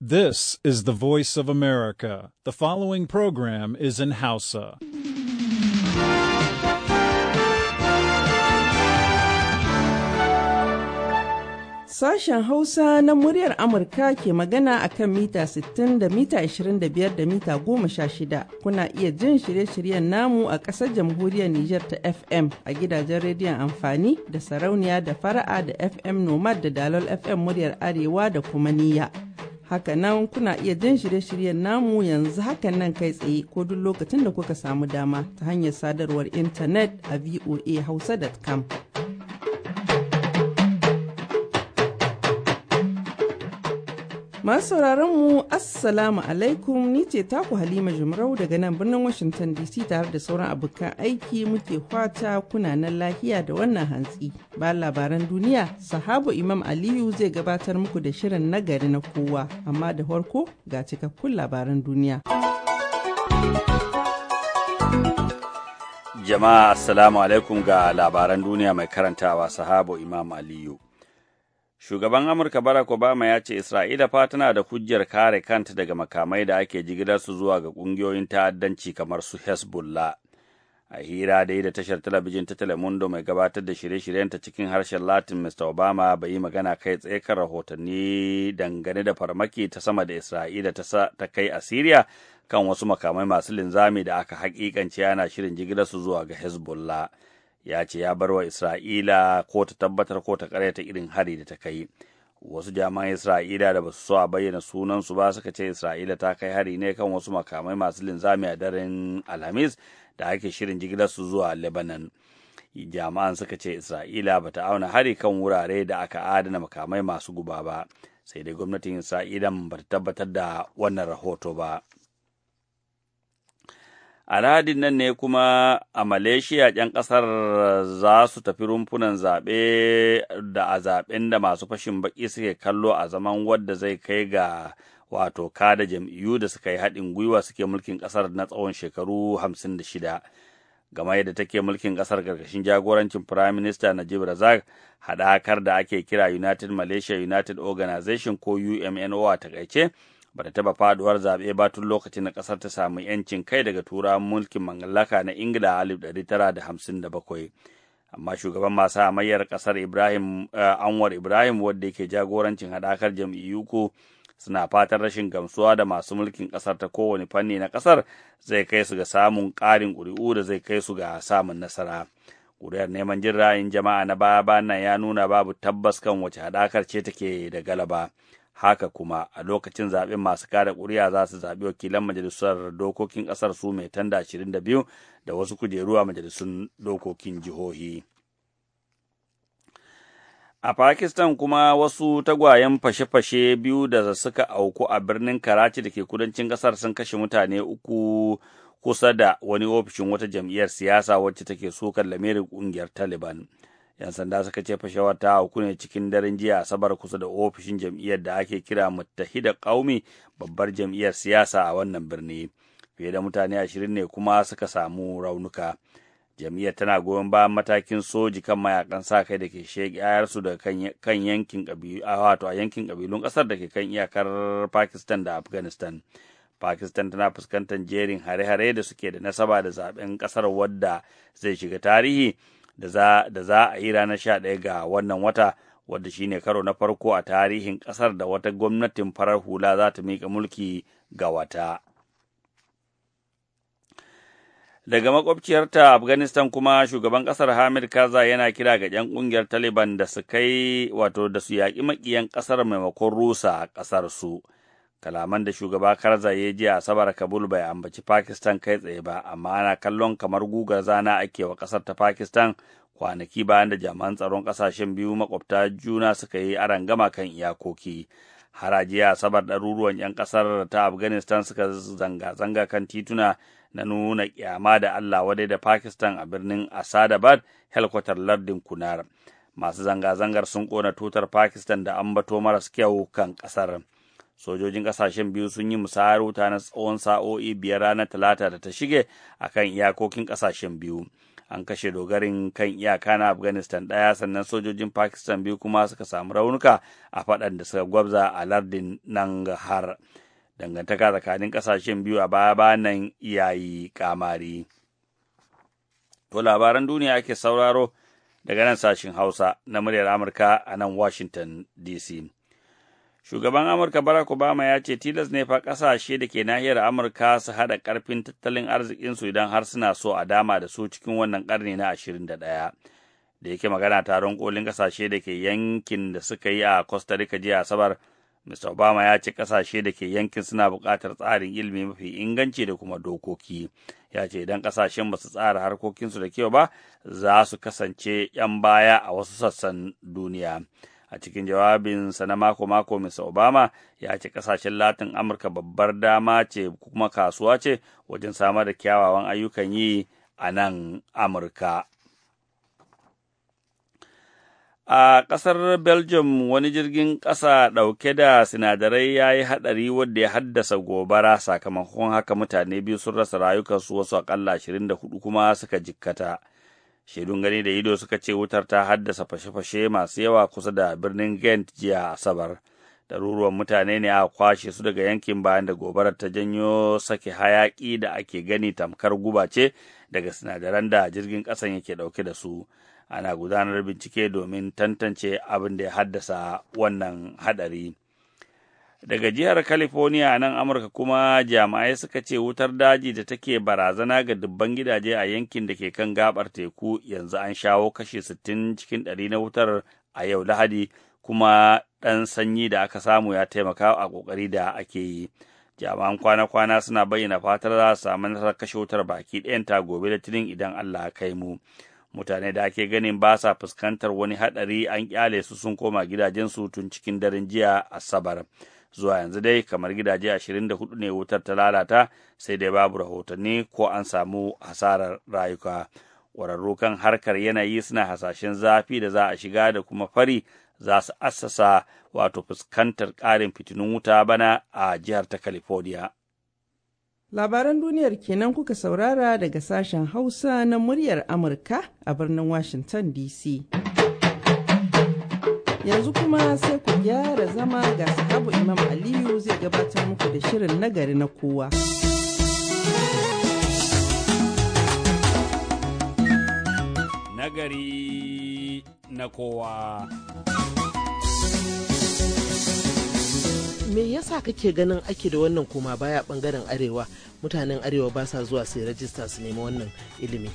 This is the voice of America. The following program is in Hausa. Sashen Hausa na muryar Amurka ke magana a kan mita 60 da mita 25 da mita 16. Kuna iya jin shirye-shiryen namu a ƙasar jamhuriyar Nijar ta FM a gidajen rediyon amfani da sarauniya da fara'a da FM Nomad da Dalol FM muryar Arewa da kuma niyya. Hakanan kuna iya jin shirye-shiryen namu yanzu hakan nan kai tsaye ko duk lokacin da kuka samu dama ta hanyar sadarwar intanet a voa hausa.com. Masu sauraron mu Assalamu alaikum ni ce taku Halima Jumrau daga nan birnin Washington DC tare da sauran abokan aiki muke kwata kuna nan lahiya da wannan hantsi. Ba labaran duniya, sahabu Imam Aliyu zai gabatar muku da shirin nagari na kowa, amma da farko ga cikakkun labaran duniya. Jama'a Assalamu alaikum ga labaran duniya mai karantawa sahabu Imam Aliyu. Shugaban Amurka Barack Obama ya ce Isra'ila fa tana da hujjar kare kanta daga makamai da ake jigilarsu zuwa ga ƙungiyoyin ta'addanci kamar su Hezbollah. A hira dai da tashar talabijin ta Telemundo mai gabatar da shirye-shiryenta cikin harshen Latin Mr. Obama bai yi magana kai tsaye kan rahotanni dangane da farmaki ta sama da Isra'ila ta kai a Syria, kan wasu makamai masu linzami da aka hakikance ana shirin jigilarsu zuwa ga Hezbollah. ya ce ya bar wa Isra'ila ko ta tabbatar ko ta karyata irin hari da ta kai. Wasu jami'an Isra'ila da ba su so a bayyana sunansu ba suka ce Isra'ila ta kai hari ne kan wasu makamai masu linzami a daren Alhamis da ake shirin jigilar su zuwa Lebanon. Jami'an suka ce Isra'ila ba ta auna hari kan wurare da aka adana makamai masu guba ba, sai dai gwamnatin Isra'ila ba ta tabbatar da wannan rahoto ba. A Lahadin nan ne kuma a Malaysia ‘yan ƙasar za su tafi rumfunan zaɓe da a zaɓen da masu fashin baƙi suke kallo a zaman wadda zai kai ga wato kada jam'iyyu da suka yi haɗin gwiwa suke mulkin ƙasar na tsawon shekaru hamsin da shida. game da take mulkin ƙasar karkashin jagorancin Prime Minister Najib Razak haɗakar da ake kira United Malaysia United Organization ko UMNO a takaice ba ta taba faduwar zaɓe ba tun lokacin na ƙasar ta samu 'yancin kai daga turawan mulkin mallaka na ingila a bakwai amma shugaban masu amayyar ƙasar ibrahim eh, anwar ibrahim wadda yake jagorancin haɗakar jam'iyyu ko suna fatan rashin gamsuwa da masu mulkin ƙasar ta kowane fanni na ƙasar zai kai su ga samun ƙarin ƙuri'u da zai kai su ga samun nasara ƙuri'ar neman jin ra'ayin jama'a na baya bayan ya nuna babu tabbas kan wace haɗakar ce take da galaba haka kuma a lokacin zaɓen masu kare ƙuri'a za su zaɓi wakilan majalisar dokokin ƙasar su mai tanda 22 da wasu kujeru a majalisun dokokin jihohi. A Pakistan kuma wasu tagwayen fashe-fashe biyu da suka auku a birnin Karachi da ke kudancin ƙasar sun kashe mutane uku kusa da wani ofishin wata jam'iyyar siyasa wacce take sukar lamirin ƙungiyar Taliban. 'Yan sanda suka ce fashewar ta hauku ne cikin daren jiya Asabar kusa da ofishin jam'iyyar da ake kira mutahida kaumi babbar jam'iyyar siyasa a wannan birni. Fiye da mutane ashirin ne kuma suka samu raunuka. Jam'iyyar tana goyon bayan matakin soji kan mayakan sa kai da ke shege ayarsu daga kan yankin wato a yankin kabilun kasar da ke kan iyakar Pakistan da Afghanistan. Pakistan tana fuskantar jerin hare-hare da suke da nasaba da zaben kasar wadda zai shiga tarihi da za a yi ranar sha ɗaya ga wannan wata wadda shi ne karo na farko a tarihin ƙasar da wata gwamnatin farar hula za ta miƙa mulki ga wata. Daga makwabciyarta Afghanistan kuma shugaban ƙasar Hamid Kaza yana kira ga 'yan ƙungiyar Taliban da su kai wato da su yaƙi maƙiyan ƙasar maimakon rusa ƙasar su. kalaman da shugaba karza ya ji a sabar Kabul bai ambaci Pakistan kai tsaye ba amma ana kallon kamar gugar zana ake wa ƙasar ta Pakistan kwanaki bayan da jami'an tsaron kasashen biyu makwabta juna suka yi arangama kan iyakoki haraji a sabar ɗaruruwan 'yan kasar ta Afghanistan suka zanga-zanga kan tituna na nuna kyama da Allah wadai da Pakistan a birnin Asadabad helkwatar lardin Kunar masu zanga-zangar sun kona tutar Pakistan da ambato maras kyau kan ƙasar. sojojin kasashen biyu sun yi musayar wuta na tsawon sa'o'i biyar ranar talata da ta shige a kan iyakokin kasashen biyu an kashe dogarin kan iyaka na afghanistan ɗaya sannan sojojin pakistan biyu kuma suka samu raunuka a faɗan da suka gwabza a lardin nangarhar dangantaka tsakanin ƙasashen biyu a baya nan yayi kamari to labaran duniya ake sauraro daga nan sashin hausa na muryar amurka a nan washington dc Shugaban Amurka Barack Obama ya ce tilas ne fa ƙasashe da ke nahiyar Amurka su haɗa ƙarfin tattalin arzikinsu idan har suna so a dama da su cikin wannan ƙarni na ashirin Da ɗaya. Da yake magana taron kolin ƙasashe da ke yankin da suka yi a Costa Rica jiya Asabar, Mr. Obama ya ce ƙasashe da ke yankin suna buƙatar tsarin ilimi mafi inganci da kuma dokoki. Ya ce idan ƙasashen ba su tsara harkokinsu da kyau ba, za su kasance 'yan baya a wasu sassan duniya. a cikin jawabinsa na mako-mako Mr. Obama ya ce ƙasashen Latin Amurka babbar dama ce kuma kasuwa ce wajen samar da kyawawan ayyukan yi a nan Amurka. A ƙasar Belgium wani jirgin ƙasa ɗauke da sinadarai ya yi haɗari wadda ya haddasa gobara sakamakon haka mutane biyu sun rasa rayukansu wasu aƙalla 24 kuma suka jikkata. shaidun gani da ido suka ce wutar ta haddasa fashe-fashe masu yawa kusa da birnin ghent jiya asabar Daruruwan mutane ne a kwashe su daga yankin bayan da gobarar ta janyo sake hayaƙi da ake gani tamkar guba ce daga sinadaran da jirgin ƙasan yake ɗauke da su ana gudanar bincike domin tantance abin da ya haddasa wannan haɗari. daga jihar california nan amurka kuma jami'ai suka ce wutar daji da take barazana ga dubban gidaje a yankin da ke kan gabar teku yanzu an shawo kashe sittin cikin 100 na wutar a yau lahadi kuma ɗan sanyi da aka samu ya taimaka a ƙoƙari da ake yi jami'an kwana-kwana suna bayyana fatar za su samu nasarar kashe wutar baki ta gobe da tunin idan allah kai mu mutane da ake ganin ba sa fuskantar wani haɗari an ƙyale su sun koma gidajensu tun cikin daren jiya asabar. zuwa yanzu dai kamar gidaje 24 ne wutar ta lalata sai dai babu rahotanni ko an samu hasarar rayuka ƙwararru kan harkar yanayi suna hasashen zafi da za a shiga da kuma fari za su assasa wato fuskantar ƙarin fitinun wuta bana a jihar ta california labaran duniyar kenan kuka saurara daga sashen hausa na muryar amurka a birnin washington dc Yanzu kuma sai ku gyara zama ga sahabu Imam Aliyu zai gabatar muku da shirin nagari na kowa. Nagari na kowa. me yasa kake ganin ake da wannan koma baya bangaren arewa mutanen arewa ba sa zuwa sai rajista su nemi wannan ilimi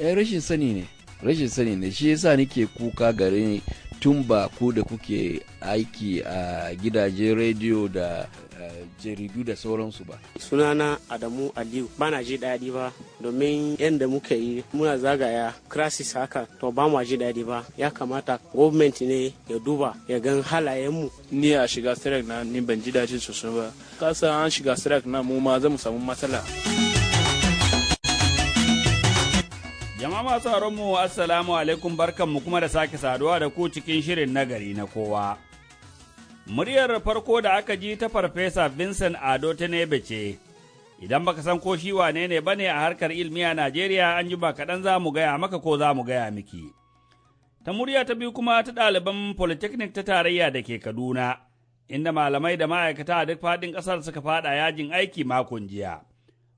eh, rashin sani ne rashin sani ne shi yasa nake kuka gare tun ba ku da kuke aiki a gidajen rediyo da eh, jaridu da sauransu ba. Sunana Adamu Aliyu na ji daɗi ba domin yadda muka yi muna zagaya crisis haka to ba mu ji daɗi ba ya kamata government ne ya duba ya gan halayenmu. Ni a shiga strike na ni ban ji daɗin sosai ba. Kasa an shiga strike na mu ma zamu samu matsala. Jama'a masu mu Assalamu alaikum barkanmu kuma da sake saduwa da ku cikin shirin nagari na kowa. Muryar farko da aka ji ta Farfesa Vincent Ado ta Nebe ce, Idan baka san ko shi wane ne ba ne a harkar ilmi a Najeriya an ji ba kaɗan za mu gaya maka ko za mu gaya miki. Ta murya ta biyu kuma ta ɗaliban Polytechnic ta tarayya da ke Kaduna, inda malamai da ma'aikata a duk faɗin ƙasar suka faɗa yajin aiki makon jiya.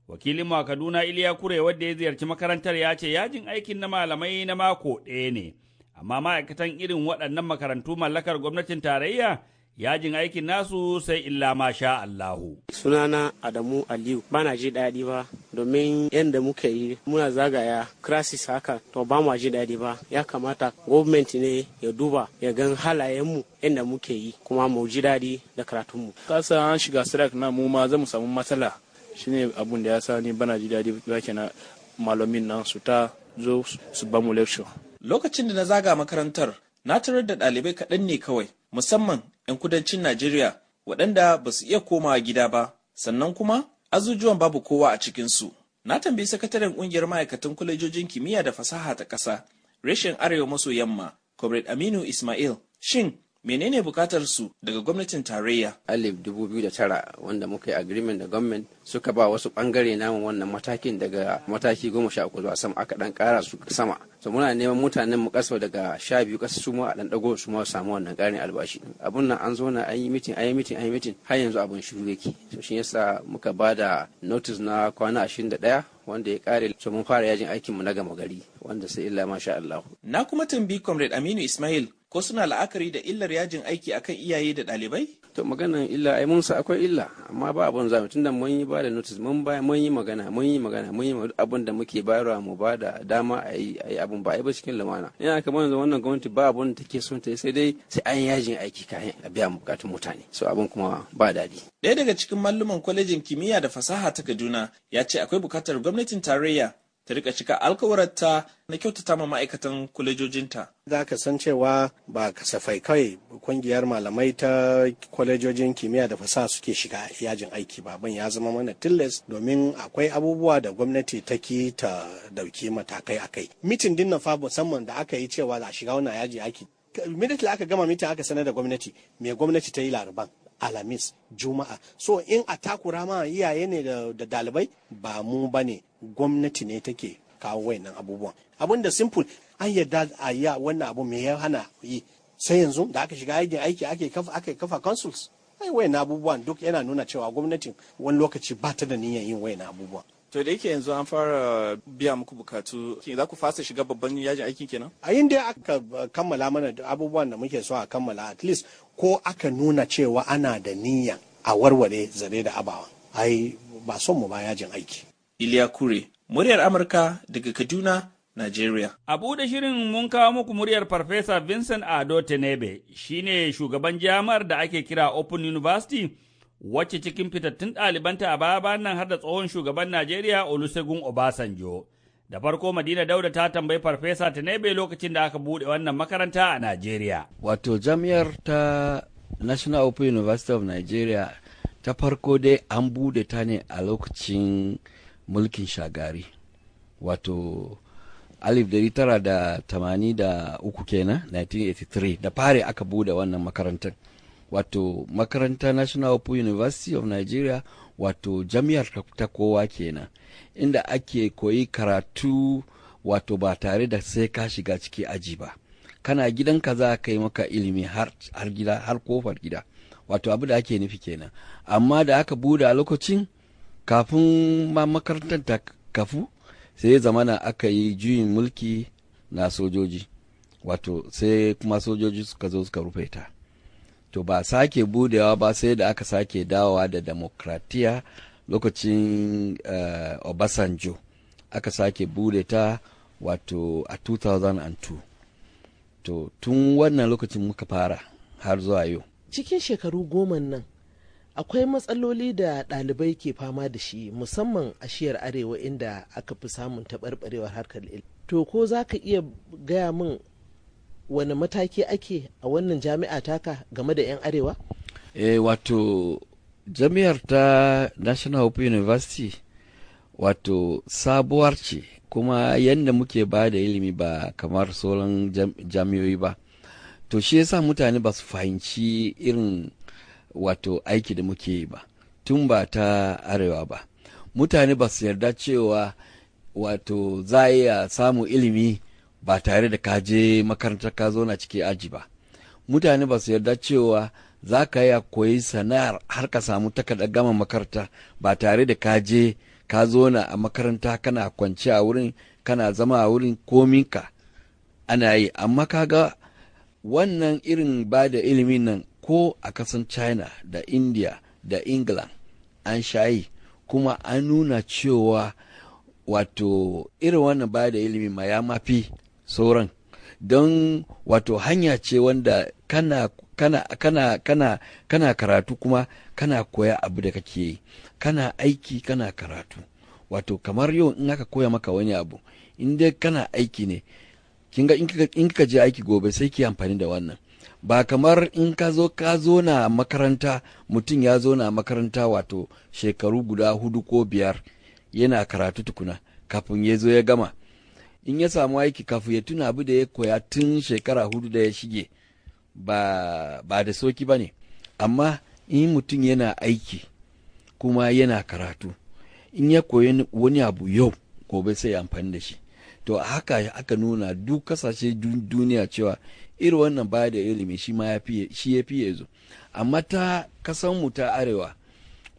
Wakilin a Kaduna Iliya Kure wadda ya ziyarci makarantar ya ce yajin aikin na malamai na mako ɗaya ne, amma ma'aikatan irin waɗannan makarantu mallakar gwamnatin tarayya yajin aikin nasu sai illa ma sha Allahu. Sunana Adamu Aliyu ba na ji daɗi ba domin yadda muka yi muna zagaya crisis haka to ba mu ji daɗi ba ya kamata gwamnati ne ya duba ya gan halayenmu yadda muke yi kuma mu ji daɗi da karatunmu. Kasa an shiga strike na mu ma zamu samu matsala shine abun da ya sa ni bana ji daɗi ba kenan malamin nan su ta zo su ba mu lecture lokacin da na zaga makarantar na tarar da ɗalibai kaɗan ne kawai musamman 'yan kudancin najeriya waɗanda ba su iya komawa gida ba sannan kuma azujuwan babu kowa a cikinsu na tambayi sakataren ƙungiyar ma'aikatan kwalejojin kimiyya da fasaha ta ƙasa reshen arewa maso yamma comrade aminu ismail shin menene bukatar su daga gwamnatin tarayya alif 2009 wanda muka yi agreement da government suka ba wasu bangare namun wannan matakin daga mataki goma sha uku zuwa sama aka dan kara su sama so muna neman mutanen mu kaso daga sha biyu kasa su ma a dan dago su ma samu wannan karin albashi abun nan an zo na an yi mitin an yi mitin an mitin har yanzu abun shiru yake so shi yasa muka ba da notice na kwana da 21 wanda ya kare to mun fara yajin aikin mu na gama gari wanda sai illa masha Allah na kuma tambi comrade Aminu Ismail ko suna la'akari da illar yajin aiki akan iyaye da ɗalibai? To maganan illa ai mun sa akwai illa amma ba abun zamu tunda mun yi ba da notice mun ba mun yi magana mun yi magana mun yi abun da muke bayarwa mu ba da dama a yi abun ba ai ba cikin lumana. Ina kamar yanzu wannan gwamnati ba abun da take son ta sai dai sai an yajin aiki kayan a biya bukatun mutane. So abun kuma ba daɗi. Ɗaya daga cikin malluman kwalejin kimiyya da fasaha ta Kaduna ya ce akwai bukatar gwamnatin tarayya ta rika cika alkawarta na kyautata ma ma'aikatan kwalejojinta. Za ka san cewa ba kasafai kawai kungiyar malamai ta kwalejojin kimiyya da fasaha suke shiga yajin aiki ba ban ya zama mana tilas domin akwai abubuwa da gwamnati ta ki ta dauki matakai akai. Mitin din fa musamman da aka yi cewa za a shiga wani yaji aiki. Minitila aka gama mitin aka sanar da gwamnati me gwamnati ta yi laraban alamis juma'a so in a takura ma iyaye ne da dalibai ba mu ba ne gwamnati ne take kawo wayannan abubuwan abin da simple an yarda a yi wannan abu mai ya hana yi sai yanzu da aka shiga aikin aiki ake kafa aka kafa consuls ai wayannan abubuwan duk yana nuna cewa gwamnatin wani lokaci ba ta da niyyar yin wayannan abubuwan to da yake yanzu an fara biya muku bukatu za ku fasa shiga babban yajin aikin kenan a yin dai aka kammala mana abubuwan da muke so a kammala at least ko aka nuna cewa ana da niyya a warware zare da abawan ai ba son mu ba yajin aiki iliya kure muryar amurka daga kaduna nigeria. A buɗe shirin mun kawo muku muryar Farfesa Vincent Ado Tenebe, shi ne shugaban jami'ar da ake kira Open University wacce cikin fitattun ɗalibanta a baya nan har da tsohon shugaban Najeriya Olusegun Obasanjo. Da farko Madina Dauda ta tambayi Farfesa ta Tinebe lokacin da aka buɗe wannan makaranta a Najeriya. Wato jami'ar ta National Open University of Nigeria ta farko dai an buɗe ta ne a lokacin mulkin shagari. Wato alif dari tara da tamani da uku kenan 1983 da fare aka buɗe wannan makarantar. wato makaranta national open university of nigeria wato jami'ar ta kowa kenan inda ake koyi karatu wato ba tare da sai ka shiga ciki aji ba kana gidanka za ka yi maka ilimi har, gida har kofar gida wato abu da ake nufi kenan amma da aka bude a lokacin kafin ma makarantar ta kafu sai ya zamana aka yi juyin mulki na sojoji wato sai kuma sojoji suka zo suka rufe ta to ba sake budewa ba sai da aka sake dawowa da demokratiya lokacin uh, obasanjo aka sake bude ta wato a 2002 to tun wannan lokacin muka fara har zuwa yau cikin shekaru goma nan akwai matsaloli da ɗalibai ke fama da shi musamman a shiyar arewa inda aka fi samun taɓarɓarewar harkar ilimi to ko za ka iya gaya min wani mataki ake a wannan jami'a taka game da 'yan arewa? E, wato jami'ar ta national hope university wato sabuwar ce kuma yadda muke ba da ilimi ba kamar sauran jami'oi ba to shi yasa mutane ba su fahimci irin wato aiki da muke yi ba tun ba ta arewa ba mutane ba su yarda cewa wato za a iya samu ilimi ba tare da ka je makarantar ka zauna ciki aji ba mutane ba su yarda cewa za ka yi koyi sana'ar har ka samu takarda gama makaranta ba tare da ka je ka zauna a makaranta kana kwance a wurin kana zama a wurin kominka ana yi amma ka ga wannan irin ba da ilimin nan ko a kasan china da india da england an shayi kuma an nuna cewa wato irin wannan ba da ilimi ma ya mafi sauran don wato hanya ce wanda kana kana kana kana kana karatu kuma kana koya abu da kake yi kana aiki kana karatu wato kamar yau in aka koya maka wani abu in dai kana aiki ne kin in ka je aiki gobe sai ki amfani da wannan ba kamar in ka zo ka zo na makaranta mutum ya zo na makaranta wato shekaru guda hudu ko biyar yana karatu tukuna kafin ya zo ya gama in ya samu aiki kafu ya tuna abu da ya koya tun shekara hudu da ya shige ba, da soki ba ne amma in mutum yana aiki kuma yana karatu in ya koyi wani abu yau gobe sai amfani da shi to haka aka nuna duk kasashe duniya cewa irin wannan ba da ilimi shi ma shi ya fiye zo amma ta kasanmu ta arewa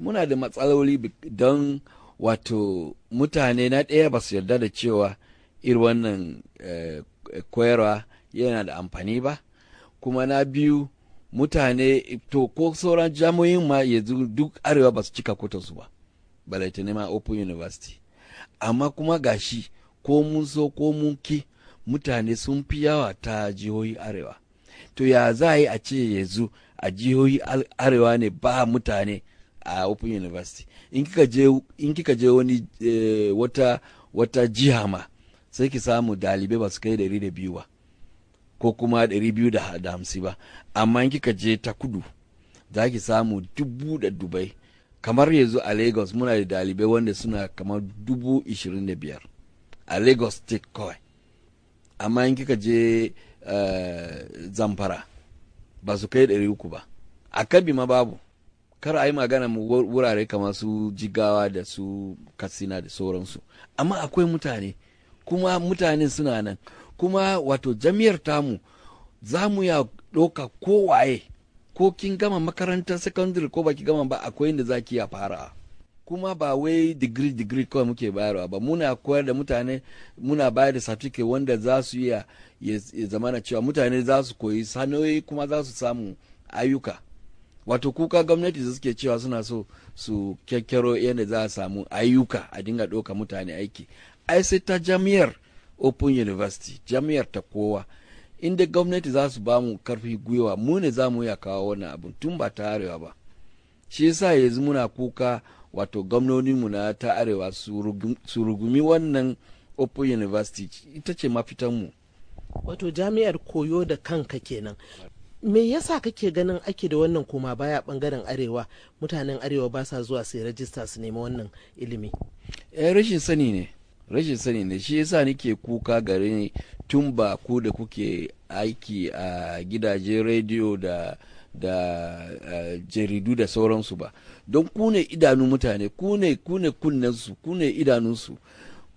muna da matsaloli don wato mutane na ɗaya ba su yarda da cewa irin wannan eh, koyarwa yana da amfani ba kuma na biyu mutane to ko sauran jamoyin ma yanzu duk arewa ba su cika kotansu ba balaita nema open university amma kuma gashi ko mun so ko mun ki mutane sun fi yawa ta jihohi arewa to ya za a yi a ce yanzu a jihohi arewa ne ba mutane a open university in kika je wani eh, wata jiha ma sai ki samu dalibai ba su kai ɗari da biyu ba ko kuma ɗari biyu da hamsin ba amma in kika je ta kudu za ki samu dubu da dubai kamar yanzu a lagos muna da dalibai wanda suna kamar dubu ishirin da biyar a lagos state kawai amma in kika je uh, zamfara ba su kai ɗari uku ba a kabi ma babu kar a yi magana mu wurare kamar su jigawa da su katsina da sauransu amma akwai mutane kuma mutane suna nan kuma wato jami'ar tamu za mu ya ɗauka kowaye ko kin gama makarantar secondary ko baki gama ba akwai inda za ki ya fara kuma ba wai digiri digiri kawai muke bayarwa ba muna koyar da mutane muna bayar da certificate wanda za su iya ya zamana cewa mutane za su koyi sanoyi kuma za su samu ayyuka wato kuka gwamnati da suke cewa suna so su kyakkyaro yadda za a samu ayyuka a dinga ɗauka mutane aiki ai sai ta jami'ar open university jami'ar ta kowa inda gwamnati za su ba mu karfi gwiwa mu ne za mu kawo wannan abin tun ba ta arewa ba shi yasa yanzu muna kuka wato gwamnoninmu na ta arewa su rugumi wannan open university ita ce mafitanmu wato jami'ar koyo da kanka kenan me yasa kake ganin ake da wannan koma baya bangaren arewa mutanen arewa ba sa zuwa sai rajista su nemi wannan ilimi 'yan eh, rashin sani ne rashin sani ne shi yasa nake kuka gare ni tun ba ku da kuke aiki a gidajen rediyo da da jaridu da sauransu ba don ku ne idanu mutane ku ne ku ne kunnensu ku ne idanunsu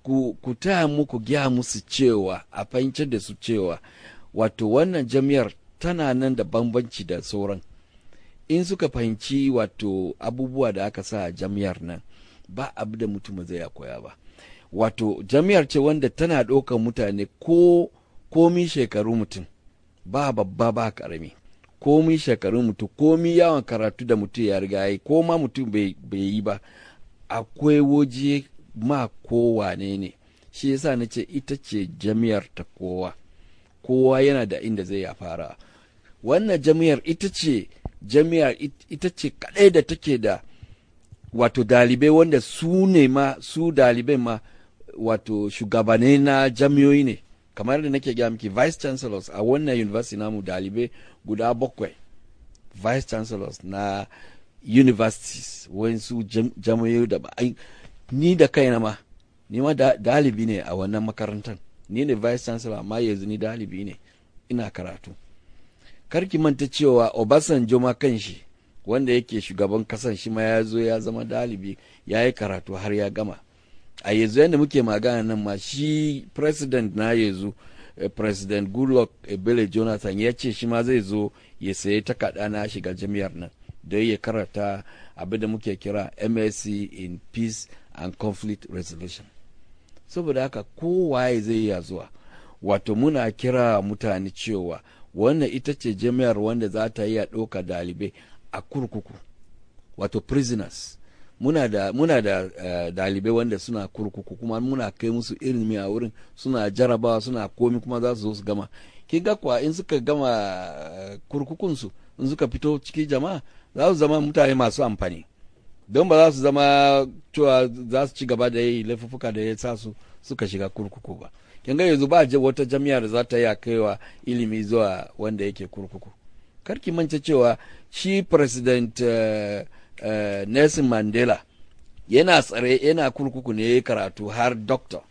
ku, ku taya muku gya musu cewa a fahimtar da su cewa wato wannan jami'ar tana nan da bambanci da sauran in suka fahimci wato abubuwa da aka sa jami'ar nan ba abu da mutum zai ya koya ba wato jami'ar ce wanda tana ɗaukar mutane ko komi shekaru mutum ba babba ba karami komi shekaru mutum komi yawan karatu da mutum ya riga yi ko ma mutum bai yi ba akwai waje ma kowane ne shi yasa na ce ita ce jami'ar ta kowa kowa yana da inda zai ya fara wannan jami'ar ita ce jami'ar ita ce kaɗai da take da wato dalibai wanda su ne ma su dalibai ma wato shugabane na jami'oi ne kamar da nake gaya miki vice chancellors a wannan university namu dalibai guda bakwai vice chancellors na universities wasu jami'oi da ba ni da kaina ma ni ma dalibi ne a wannan makarantar ni ne vice chancellor amma yanzu ni dalibi ne ina karatu karki manta cewa obasanjo ma kanshi wanda yake shugaban kasan shi ma ya zo ya zama dalibi ya yi karatu har ya gama a yanzu yadda muke magana nan ma shi president na yanzu eh, president goodluck ebele jonathan ya ce shi ma zai zo ya sayi takarda na shiga jami'ar nan don ya karata abin da muke kira msc in peace and conflict resolution saboda haka kowaye zai iya zuwa wato muna kira mutane cewa wannan ita ce jami'ar wanda za ta yi a ɗauka dalibai a kurkuku wato prisoners muna da muna da eh, dalibai wanda suna kurkuku kuma muna kai musu ilimi a wurin suna jarabawa suna komi kuma za su zo su gama kin ga kuwa in suka gama eh, kurkukun su in suka fito cikin jama'a za su zama mutane masu amfani don ba za su zama cewa za su ci gaba da yi laifuka da ya sa su suka shiga kurkuku ba kin ga yanzu ba wata jami'a da za ta yi a kaiwa ilimi zuwa wanda yake kurkuku karki mance cewa shi president eh, Eh, nelson mandela yana tsare yana kurkuku ne karatu har doctor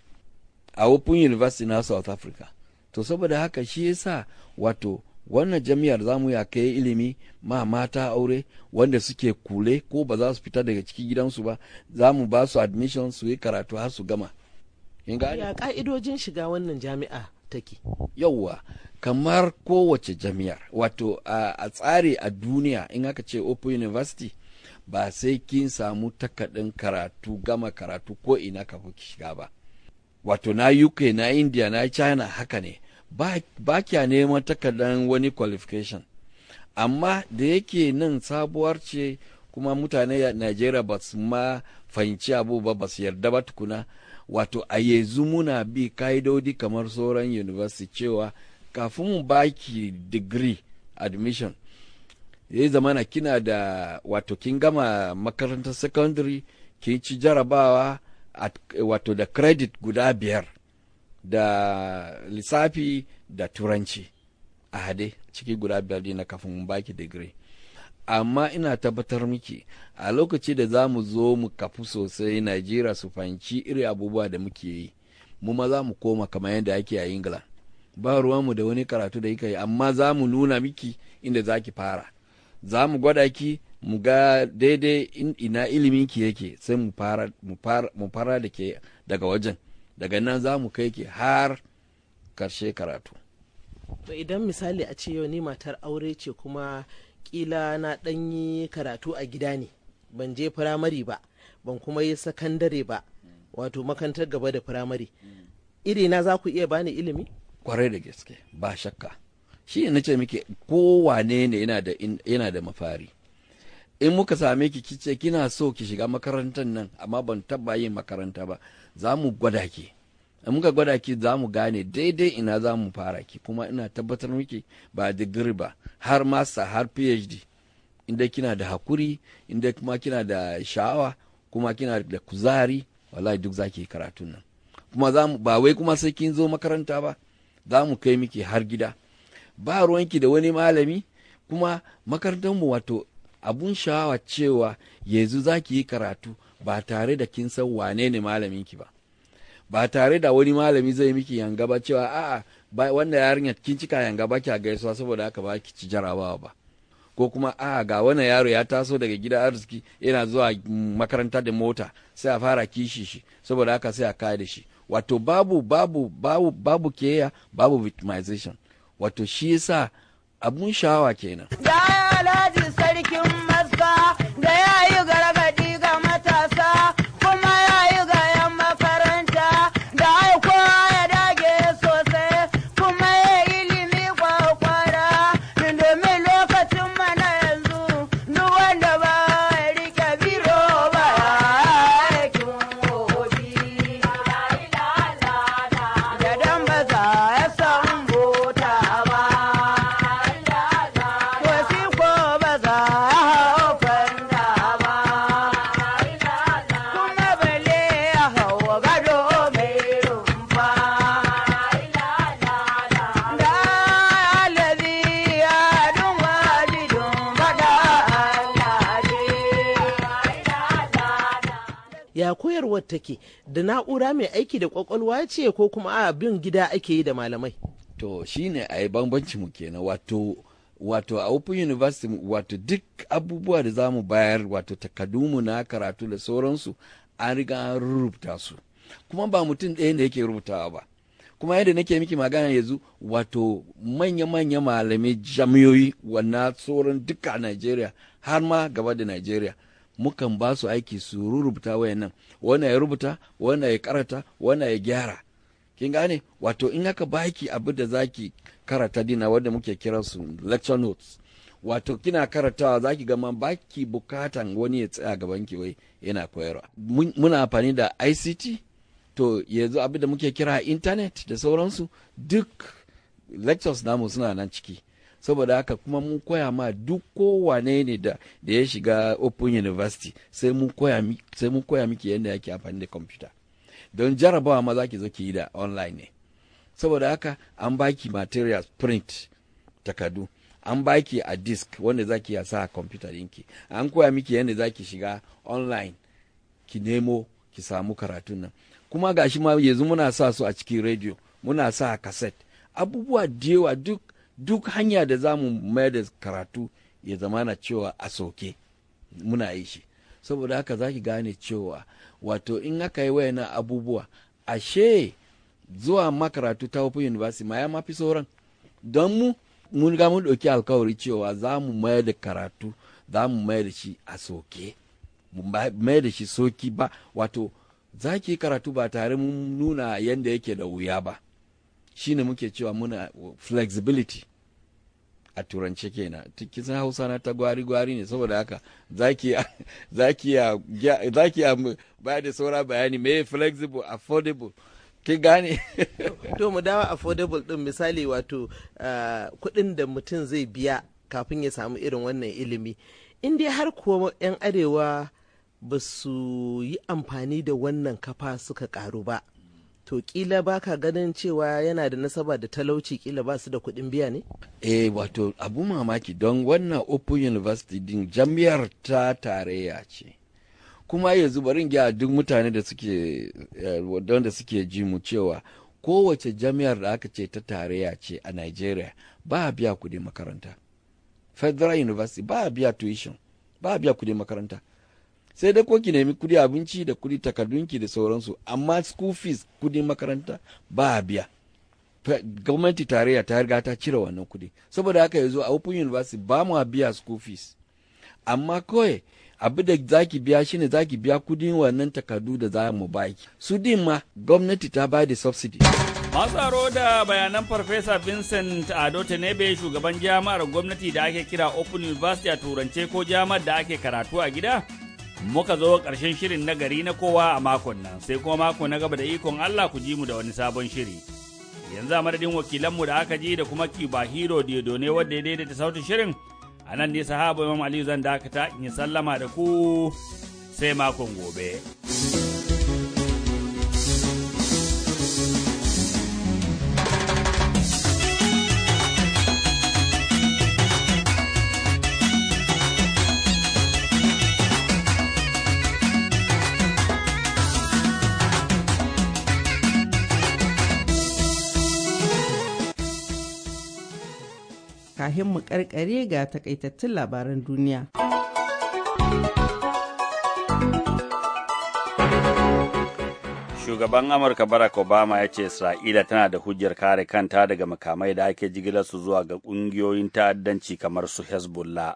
a open university na south africa to saboda haka shi yasa wato wannan jami'ar zamu ya kai ilimi ma mata aure wanda suke kule ko ba za su fita daga cikin gidansu ba za mu ba su admission su yi karatu har su gama ya ka'idojin shiga wannan jami'a take yawwa kamar kowace jami'ar wato a tsari a duniya in aka ce open university ba sai kin samu takaɗin karatu gama karatu ko ina ka fi shiga ba wato na uk na india na china haka ne ba, kya neman takaɗin wani qualification amma da yake nan sabuwar ce kuma mutane najeriya ba su ma fahimci abu ba ba su yarda ba tukuna wato a yanzu muna bi ka'idodi kamar sauran university cewa kafin mu baki digiri admission ya zamana kina da wato kin gama makarantar secondary kin ci jarabawa wato da credit guda biyar da lissafi da turanci a hade ciki guda biyar dina na kafin baki digiri amma ina tabbatar miki a lokaci da za mu zo mu kafu sosai najeriya su fahimci iri abubuwa da muke yi mu ma za mu koma kamar yadda ake a ingila ba ruwanmu da wani karatu da yi amma za mu nuna miki inda za ki fara za mu gwada ki mu ga daidai ina ilimin ki yake sai mu fara da ke daga wajen daga nan za mu kai ki har karshe karatu to idan misali a ce yau ni matar aure ce kuma kila na ɗanyi karatu a gida ne ban je firamare ba ban kuma yi sakandare ba wato makantar gaba da firamare mm. irina za ku iya bani ilimi kwarai da gaske ba shakka shi na ce miki kowane ne yana da mafari in muka same ki kice kina so ki shiga makarantar nan amma ban taba yin makaranta ba za mu gwada ki in muka gwada ki za mu gane daidai ina za mu fara ki kuma ina tabbatar miki ba digiri ba har masa har phd inda kina da hakuri inda kuma kina da sha'awa kuma kina da kuzari wallahi duk za ki karatun nan kuma ba wai kuma sai kin zo makaranta ba za mu kai miki har gida ba ruwanki da wani malami kuma makarantarmu wato abun sha'awa cewa yanzu za ki yi karatu ba tare da kin san wane ne malaminki ba ba tare da wani malami zai miki yanga ba cewa a'a ba wanda yarinya kin cika yanga ba ki gaisuwa saboda haka ba ki ci jarabawa ba ko kuma a'a ga wani yaro ya taso daga gida arziki yana zuwa makaranta da mota sai a fara kishi shi saboda haka sai a da shi wato babu babu babu babu keya babu victimization wato shi yasa abun sha'awa kenan. take da na'ura mai aiki da kwakwalwa ce ko kuma a bin gida ake yi da malamai to shine a yi bambanci mu kenan wato wato a open university wato duk abubuwa da za mu bayar wato takadumu na karatu da sauransu an riga an rubuta su kuma ba mutum ɗaya da yake rubutawa ba kuma yadda nake miki magana yanzu wato manya-manya malamai jami'oyi wannan sauran duka a najeriya har ma gaba da najeriya mukan ba su aiki su rubuta nan wanda ya rubuta wanda ya karata wanda ya gyara kin gane wato in aka baki abu da zaki karata dina wanda muke kiran su lecture notes wato kina karatawa zaki ga man baki bukatan wani ya tsaya gaban ki wai yana koyarwa muna amfani da ICT to yanzu abu da muke kira internet da sauransu duk lectures namu suna nan ciki saboda haka kuma mun koya ma duk kowane ne da ya shiga open university sai mun koya koya miki yadda yake amfani da computer don jarabawa ma za ki zo ki yi da online ne saboda haka an baki materials print takardu an baki a disk wanda za ki sa a computer dinki an koya miki yadda za ki shiga online ki nemo ki samu karatun nan kuma gashi ma yanzu muna sa su a cikin rediyo muna sa a kaset abubuwa da yawa duk duk hanya da za mu mayar da karatu ya zamana cewa a soke muna yi shi saboda haka za ki gane cewa wato in aka yi na abubuwa ashe zuwa makaratu ta Open University ma ya mafi sauran don mu mun ga mun ɗauki alkawari cewa za mu mayar da karatu za mu mayar da shi a soke mu mayar da shi soki ba wato za ki karatu ba tare mun nuna yadda yake da wuya ba shine muke cewa muna flexibility a turance kenan kin san hausa na ta gwari gwari ne saboda haka za ki ya ba da saura bayani me flexible affordable ki gane to mu dawo affordable din misali wato ah, kuɗin da mutum zai biya kafin ya samu irin wannan ilimi in dai har kuwa 'yan arewa ba su yi amfani da wannan kafa suka karu ba to kila baka ganin cewa yana da nasaba da talauci kila ba su da kuɗin biya ne eh wato abu mamaki don wannan open university din jami'ar ta tarayya ce kuma yanzu barin gya duk mutane da suke wanda eh, suke ji mu cewa kowace jami'ar da aka ce ta tarayya ce a Nigeria ba a biya kuɗin makaranta. Federal University ba a biya tuition, ba a biya kuɗin makaranta. sai dai ko ki nemi kudi abinci da kudi takardunki da sauransu amma school fees kudin makaranta ba a biya gwamnati tarayya ta riga ta cire wannan kudi saboda haka yanzu a open university ba mu biya school fees amma kawai abu da zaki biya shine zaki biya kudin wannan takardu da za mu baki su din ma gwamnati ta ba da subsidy masu da bayanan farfesa vincent ado tenebe shugaban jami'ar gwamnati da ake kira open university a turance ko jami'ar da ake karatu a gida muka zo ƙarshen shirin na gari na kowa a makon nan sai kuma mako na gaba da ikon Allah ku ji mu da wani sabon shiri yanzu a madadin wakilanmu da aka ji da kuma kiba hero diodo ne wanda ya daidaita sautin shirin a nan ne sahaba imam aliyu zan dakata in yi sallama da ku sai makon gobe. kahin mu karkare ga takaitattun labaran duniya. Shugaban Amurka Barack Obama ya ce Isra'ila tana da hujjar kare kanta daga makamai da ake su zuwa ga ƙungiyoyin ta'addanci kamar su Hezbollah.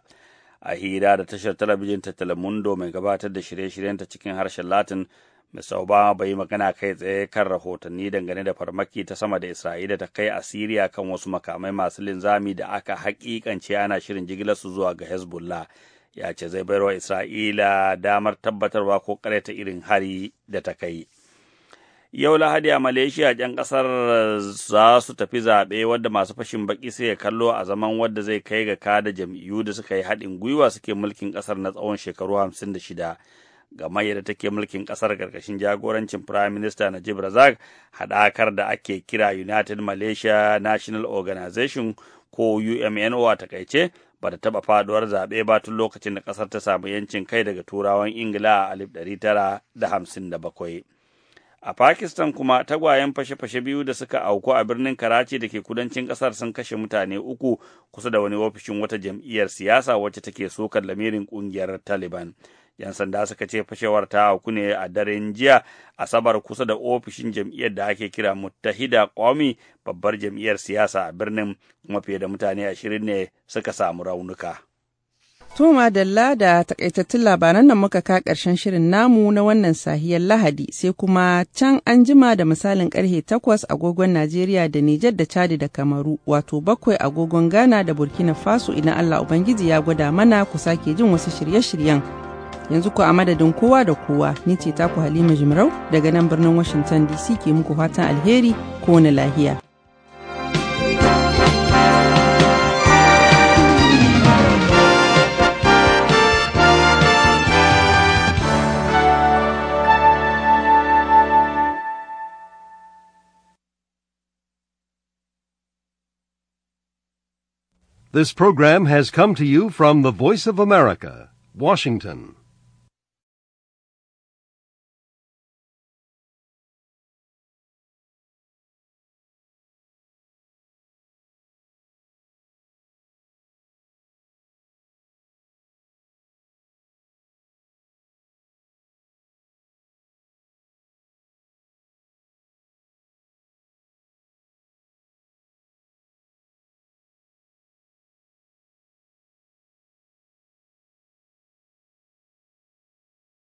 A hira da tashar talabijin ta Telemundo mai gabatar da shirye-shiryenta cikin harshen Latin, Mr. Obama bai yi magana kai tsaye kan rahotanni dangane da farmaki ta sama da Isra'ila ta kai a Siriya kan wasu makamai masu linzami da aka haƙiƙance ana shirin jigilar su zuwa ga Hezbollah. Ya ce zai baiwa Isra'ila damar tabbatarwa ko ta irin hari da ta kai. Yau Lahadi a Malaysia ‘yan ƙasar za su tafi zaɓe wadda masu fashin baƙi sai kallo a zaman wadda zai kai ga kada jam'iyyu da suka yi haɗin gwiwa suke mulkin ƙasar na tsawon shekaru hamsin da shida. gamayyar da take mulkin kasar karkashin jagorancin Prime Minister Najib Razak haɗakar da ake kira United Malaysia National Organization ko UMNO a takaice ba ta taɓa faɗuwar zaɓe ba tun lokacin da ƙasar ta samu yancin kai daga turawan Ingila a 1957. A Pakistan kuma tagwayen fashe-fashe biyu da suka auku a birnin Karachi da ke kudancin ƙasar sun kashe mutane uku kusa da wani ofishin wata jam'iyyar siyasa wacce take sokar lamirin ƙungiyar Taliban. 'Yan sanda suka ce fashewar ta hauku ne a daren jiya Asabar kusa da ofishin jam'iyyar da ake kira Muttahida kwami babbar jam'iyyar siyasa a birnin kuma fiye da mutane ashirin ne suka samu raunuka. Toma Dalla da takaitattun labaran nan muka ka ƙarshen shirin namu na wannan sahiyar Lahadi sai kuma can an jima da misalin karhe takwas agogon Najeriya da Nijar da Chadi da Kamaru wato bakwai agogon Ghana da Burkina Faso idan Allah Ubangiji ya gwada mana ku sake jin wasu shirye-shiryen. yanzu ku a madadin kowa da kowa ni ce taku halima jimarau daga nan birnin washington dc ke muku fatan alheri ko wani lahiya This program has come to you from the Voice of America, Washington.